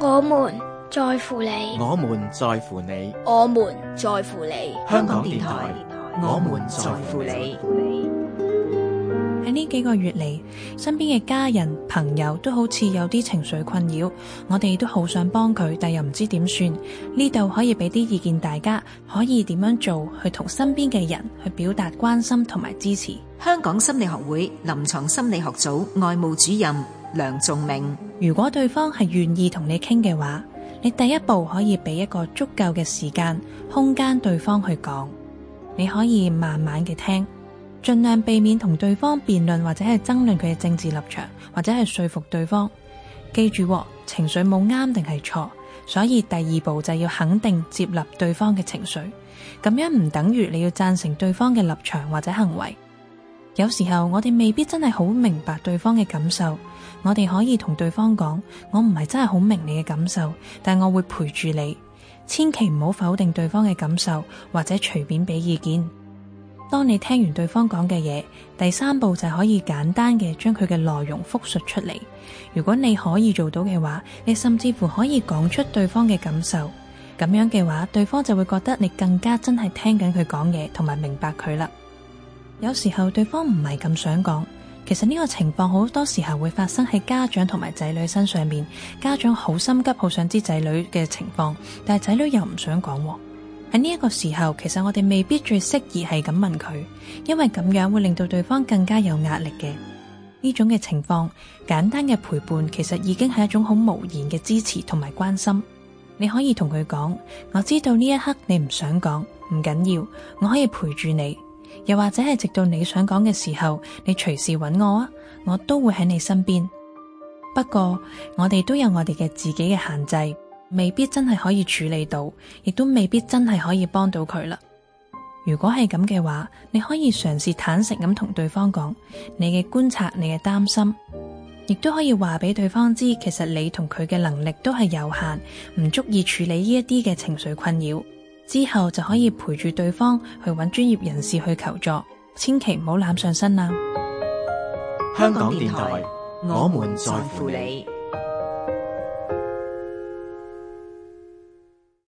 我們在乎你，我們在乎你，我們在乎你。香港電台我們在乎你。喺呢幾個月嚟，身邊嘅家人朋友都好似有啲情緒困擾，我哋都好想幫佢，但又唔知點算。呢度可以俾啲意見，大家可以點樣做去同身邊嘅人去表達關心同埋支持。香港心理學會臨床心理學組外務主任梁重皿。如果對方係願意同你傾嘅話，你第一步可以俾一個足夠嘅時間、空間，對方去講，你可以慢慢嘅聽，盡量避免同對方辯論或者係爭論佢嘅政治立場或者係說服對方。記住，情緒冇啱定係錯，所以第二步就要肯定接納對方嘅情緒，咁樣唔等於你要贊成對方嘅立場或者行為。有時候我哋未必真係好明白對方嘅感受，我哋可以同對，對方講：我唔係真係好明你嘅感受，但我會陪住你。千祈唔好否定對方嘅感受，或者隨便俾意見。當你聽完對方講嘅嘢，第三步就可以簡單嘅將佢嘅內容複述出嚟。如果你可以做到嘅話，你甚至乎可以講出對方嘅感受。咁樣嘅話，對方就會覺得你更加真係聽緊佢講嘢，同埋明白佢啦。有時候對方唔係咁想講，其實呢個情況好多時候會發生喺家長同埋仔女身上面。家長好心急，好想知仔女嘅情況，但係仔女又唔想講。喺呢一個時候，其實我哋未必最適宜係咁問佢，因為咁樣會令到對方更加有壓力嘅。呢種嘅情況，簡單嘅陪伴其實已經係一種好無言嘅支持同埋關心。你可以同佢講，我知道呢一刻你唔想講，唔緊要，我可以陪住你。又或者係直到你想講嘅時候，你隨時揾我啊，我都會喺你身邊。不過我哋都有我哋嘅自己嘅限制，未必真係可以處理到，亦都未必真係可以幫到佢啦。如果係咁嘅話，你可以嘗試坦誠咁同對方講你嘅觀察、你嘅擔心，亦都可以話俾對方知，其實你同佢嘅能力都係有限，唔足以處理呢一啲嘅情緒困擾。之後就可以陪住對方去揾專業人士去求助，千祈唔好攬上身喇。香港電台，我們在乎你。